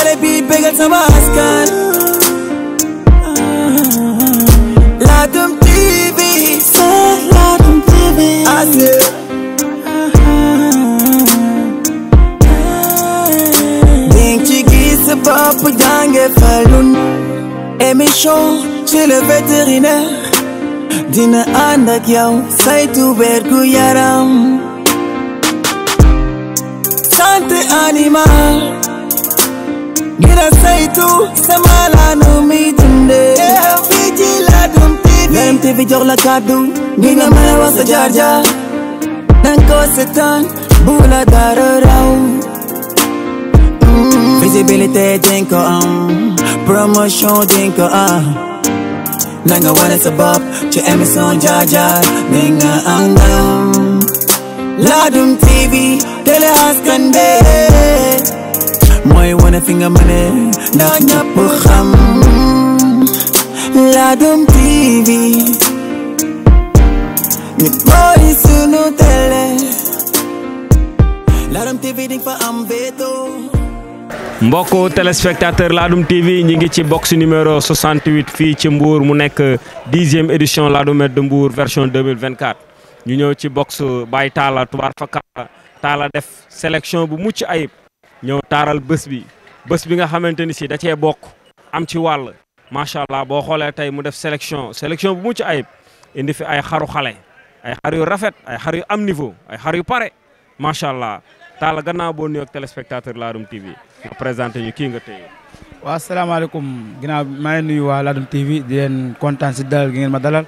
télé bi bégal sama askan Ladoum TV c'est Ladoum TV ning ci gis sa bopp jànge falun émission chez le vétérinaire dina ànd ak yow saytu wér gu yaram ngir a sama laanu mi dundee. fii ci Ladoum TV. Ladoum TV jox la kàddu. nga mën a wax sa jaar jaar. danga ko seetaan bu dara raw. Mm. visibilité dinga am promotion dinga am. nanga wane sa bopp ci émission jaar jaar am ndam. Ladoum TV télé askan bi. mooy wane fi nga mëne ndax ñëpp xam Ladoum TV ñu mbokku téléspectateur Ladoum TV ñi ngi ci box numéro 68 fii ci Mbour mu nekk dixième édition Ladoumette de Mbour version 2024 ñu ñëw ci box Baye Talla tubaar fa Talla def sélection bu mucc ayib ñëw taaral bés bi bés bi nga xamante ni si da cee bokk am ci wàll macha allah boo xoolee tey mu def sélection sélection bu mucc ayib indi fi ay xaru xale ay xar yu rafet ay xar yu am niveau ay xar yu pare macha allah taal gannaaw boo nuyoog téléspectateur Ladoum TV nga présenté yu kii nga tey. waaw asalaamaaleykum ginnaaw maa nuyu waa Ladoum TV di leen kontaan si dalal gi ngeen ma dalal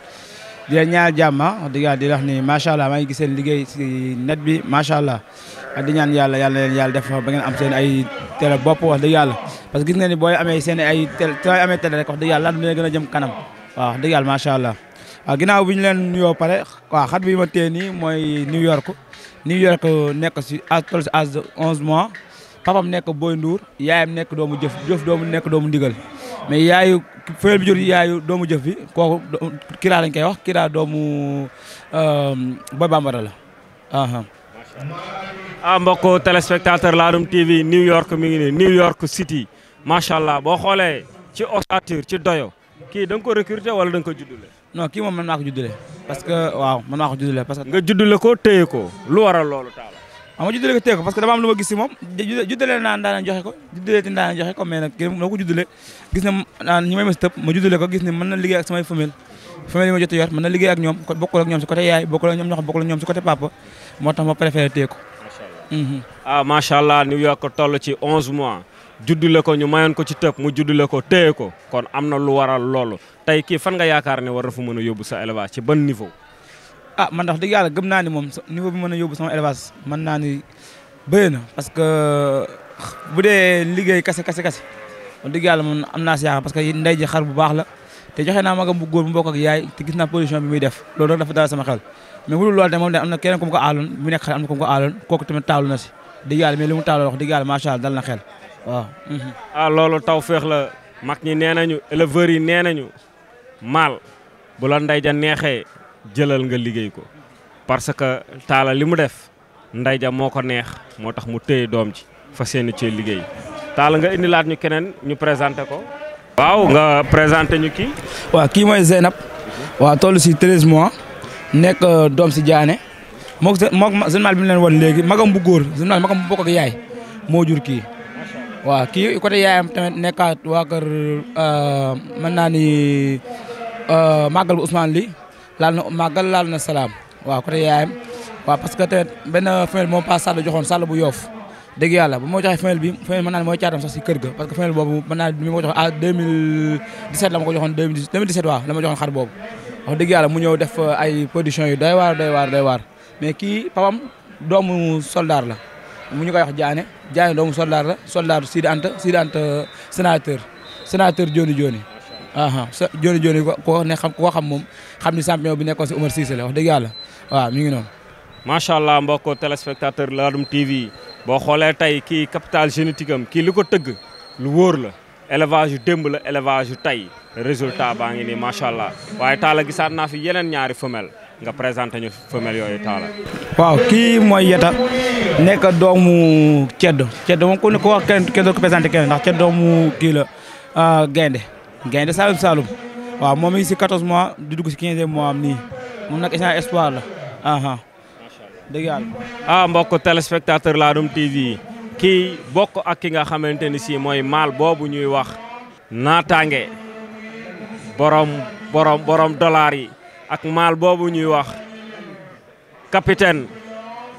di leen ñaar jàmm ah, di wax ni macha allah maa giseen liggéey si net bi macha allah. ak di ñaan yàlla yàlla yàlla def ba ngeen am seen ay télé bopp wax dëgg yàlla parce que gis ngeen ni booy amee seen ay télé sooy amee télé rek wax dëgg yàlla dina gën a jëm kanam waaw wax dëgg yàlla macha allah waaw ginnaaw bi ñu leen nuyoo pare waaw xat bi ma téye nii mooy New York New York euh, nekk si à toll si âge de 11 nekk Boy Ndour yaayam nekk doomu jëf jëf doomu nekk doomu ndigal mais yaayu fëyel bi jur yaayu doomu jëf bi kooku kiraa lañ koy wax kiraa doomu euh, Boy Bambara la ah mbokk téléspectateur Ladoum TV New York mi ngi nii New York City macha allah boo xoolee ci ossature ci doyo kii da nga ko recruter wala da nga ko juddule. kii moom mën naa ko juddule parce que waaw mën naa ko que. nga juddule ko téye ko lu waral loolu taala waaw ah, ma juddule ko téye ko parce que dama am lu ma gis si moom naan daan joxe ko juddule daan joxe ko kii ma juddule ko gis ne mën na liggéey ak samay femelle famille yi ma jot a yor mën na liggéey ak ñoom bokkul ak ñoom si côté yaay bokkul ak ñoom ñoo bokkul ak ñoom moo tax ma préféré téye ko. ah macha allah New York toll ci 11 mois. juddule ko ñu mayoon ko ci tëb mu juddule ko téye ko kon am na lu waral loolu tey kii fan nga yaakaar ne war na fu mën a yóbbu sa élevage ci ban niveau. ah man ndax dëgg yàlla gëm naa ni moom niveau bi mën a yóbbu sama élevage mën naa ni bëri na parce que bu dee liggéey kase kase kase wax dëgg te joxe naa magam bu góor mu bokk gis na position bi muy def loolu nag dafa daal sama xel mais bu dul loolu de moom de am na mu ko aaloon mu nekk xel na mu ko aaloon kooku tamit taalu na si dëgg yàlla mais li mu taalu wax dëgg yàlla macha allah dal na xel waaw mhm. ah loolu taw féex la mag ñi nee nañu éleveurs yi nee nañu maal bu la ndey ja neexee jëlal nga liggéey ko parce que taala li mu def ndey ja moo ko neex moo tax mu téye doom ji fa yéene cee liggéey taala nga ñu keneen ko waaw nga présenté ñu kii. waaw kii mooy Zeynab. waaw toll si 13 mois. nekk euh, doom si Diané. moog général bi mu leen wan léegi magam bu góor général magam bu bokk yaay moo jur kii. waaw kii côté yaayam tamit nekkaat waa kër euh, mën naa ni euh, màggal bu Ousmane li laal na màggal laal na salaam waaw côté yaayam waaw parce que tamit benn famille moom pas Sall joxoon Sall bu yoof dëgg yàlla bu ma joxee femelle bi femelle mën naa ne mooy caatam sax si kër ga parce que femelle boobu mën ah, la ma ko mu waar doy kii doomu soldaar la mu ñu koy wax jaane jaane doomu soldaar la soldaar Sidi Anta Sidi Anta sénateur sénateur Joni Joni aha Joni Joni ko ne xam koo xam moom xam ni champion bi nekkoon si Umar Cissé la wax dëgg yàlla waaw mi ngi noonu macha allah mbokk téléspectateur Ladoum TV boo xoolee tey kii capital génétique am kii li ko tëgg lu wóor la élevage yu démb la élevage yu tey résultat baa ngi nii macha allah waaye taala gisaat naa fi yeneen ñaari femelle nga présenté ñu femelle yooyu taala waaw kii mooy yeta nekk doomu ceddo ceddo moom ku ne ko wax kenn kenn ndax ceddo doomu kii la ah, gaynde gaynde Saloum Saloum waaw moom ngi si 14 mois di dugg si 15 mois am nii moom nag échange espoir la dëgg yàlla ah mbokk téléspectateur Ladoum TV kii bokk ak ki nga xamante ni si mooy maal boobu ñuy wax naataange borom borom borom dollar yi ak maal boobu ñuy wax capitaine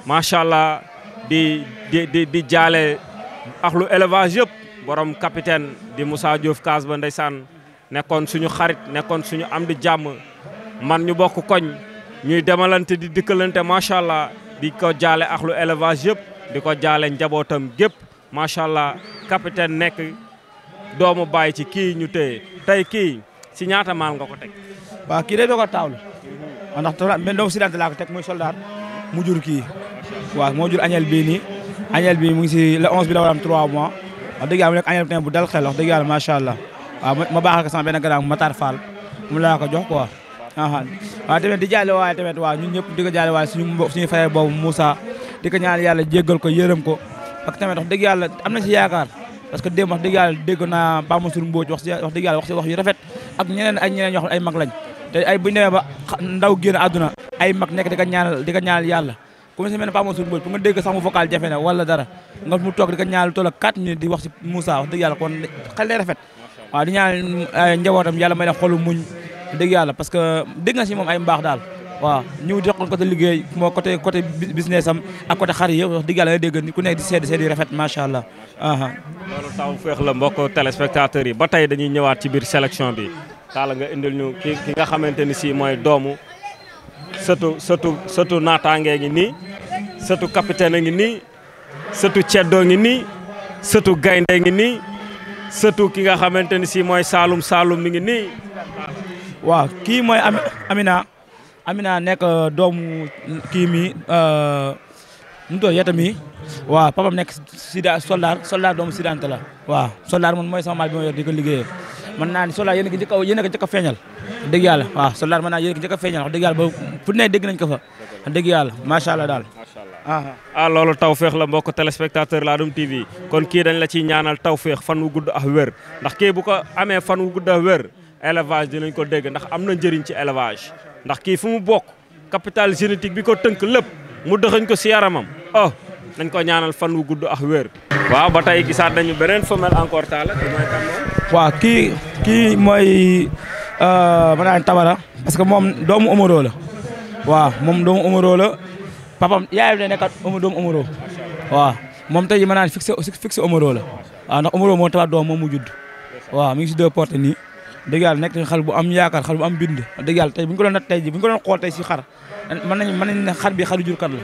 macha allah di di di di jaale ak lu yëpp borom capitaine di musa Diouf kaas ba ndeysaan nekkoon suñu xarit nekkoon suñu am di jàmm man ñu bokk koñ. ñuy demalante di dëkkalante macha allah di ko jaale ak lu élevage yëpp di ko jaale njabootam gépp macha allah capitaine nekk doomu baay ci kii ñu téye tey kii si ñaata maal nga ko teg. waaw kii day doog a taawlu. ndax benn doomu Sida laa ko teg muy soldat mu jur kii. waaw moo jur añeel bii nii. añel bii mu ngi si le 11 bi la war am 3 dëgg yàlla mu nekk añel bu bu dal xel wax dëgg yàlla macha allah. waaw ma baaxal ko sama benn grand Matar Fall ko jox waaw tamit di jaale waaye tamit waaw ñun ñëpp di ko jaale waaye suñu suñu frère boobu Moussa di ko ñaan yàlla jéggal ko yërëm ko yàlla am na ci yaakaar parce que démb wax dëgg yàlla dégg naa Pape Mansour Mbodj wax ci wax dëgg yàlla wax ci wax yu rafet nga dégg mu na wala dara nga mu toog di ko ñaanal toll ak 4 minutes di wax ci Moussa wax dëgg yàlla kon xel lay rafet waaw di ñaan euh, njabootam yàlla may na xolu muñ dégg yàlla parce que dégg nga si moom ay mbaax daal waaw ñu joxoon côté liggéey moo côté côté business am ak côté xar yi dégg dëgg yàlla dégg ku nekk di seede seede rafet macha allah. loolu taw féex la mbokk téléspectateurs yi ba tey dañuy ñëwaat ci biir sélection bi taala nga indil ñu ki ki nga xamante ni si mooy doomu sëtu sëtu sëtu naataangee ngi nii sëtu capitaine a ngi nii sëtu ceddoo ngi nii sëtu gaynde ngi nii sëtu ki nga xamante ni si mooy saalum saalum mi ngi n waaw kii mooy Amina Amina nekk euh, doomu kii mi euh, nu mu tudd waa mi waaw papam nekk sida soldaar soldaar doomu sidante la waaw soldaar man mooy sama maal bi ma yor di ko liggéeyee mën naa ni soldaar yéen a ngi njëkk a yéen a feeñal dëgg yàlla waaw soldaar mën naa yéen a njëkk a ba ne dégg nañ ko fa dëgg yàlla macha allah daal ah, ah. ah loolu taw féex la mbokk laa Ladoum TV kon kii dañ la ciy ñaanal taw fan wu gudd ak wér ndax kii bu ko amee fan wu gudd ak wér élevage dinañ ko dégg ndax am na njëriñ ci élevage ndax kii fu mu bokk capital génétique bi ko tënk lépp mu dëxëñ ko si yaramam oh nañ ko ñaanal fan wu gudd ak wér. waaw ba tey gisaat nañu beneen femelle encore taala kii waaw kii kii mooy euh, mën naa tabara parce que moom doomu Omoro la waaw moom doomu Omoro la papam yaayam la nekkat doomu Omoro waa moom tey mën naa fixé fixé Omoro la waaw ndax moom mu judd waaw mi ngi si deux portes nii. dëgg yàlla nekk nañ xar bu am yaakaar xar bu am bind dëgg yàlla tey bu ñu ko doon nat tey ji bu ñu ko doon xool tey si xar mën nañ mën nañ ne xar bi xaru jurkat la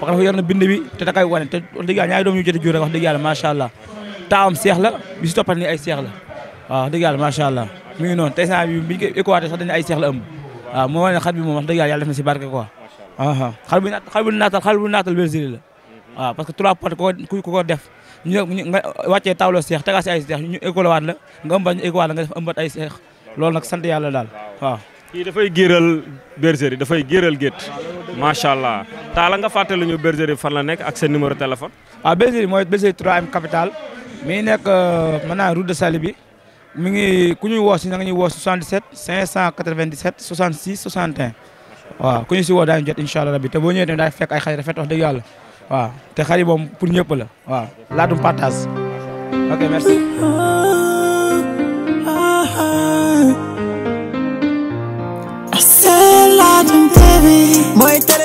parce que dafa yor na bind bi te dakay wane te dëgg yàlla ñaari doom ñu jot a jur rek wax dëgg yàlla macha allah taawam seex la bi si toppat ni ay seex la waaw dëgg yàlla macha allah mi ngi noonu tey saa bi biñu ko équaté sax dañ ay seex la ëmb waaw moo wane xar bi moom wax dëgg yàlla yàlla def na si barke quoi aa xar bu xar bu naatal xar bu naatal bergerie la waaw parce que trois portes ku ko def ñu nga wàccee tawlo seex tegaat si ay seex ñu école waat la nga ëmbat ñu école waat la nga def ëmbat ay seex loolu nag sant yàlla daal waaw. kii dafay géeral bergerie dafay géeral gétt macha allah taala nga fàttali ñu bergerie fan la nekk ak seen numéro téléphone. waaw ah, bergerie mooy bergerie 3M capital mi ngi nekk euh, mën naa de Saly bi mi ngi ku ñuy woo si na nga ñuy woo 77 597 66 61 waaw ku ñu si woo daañu jot incha allah rabbi te boo ñëwee tamit daay fekk ay xarit rafet wax dëgg yàlla waaw te xarit moom la laatum partage ok merci. mooy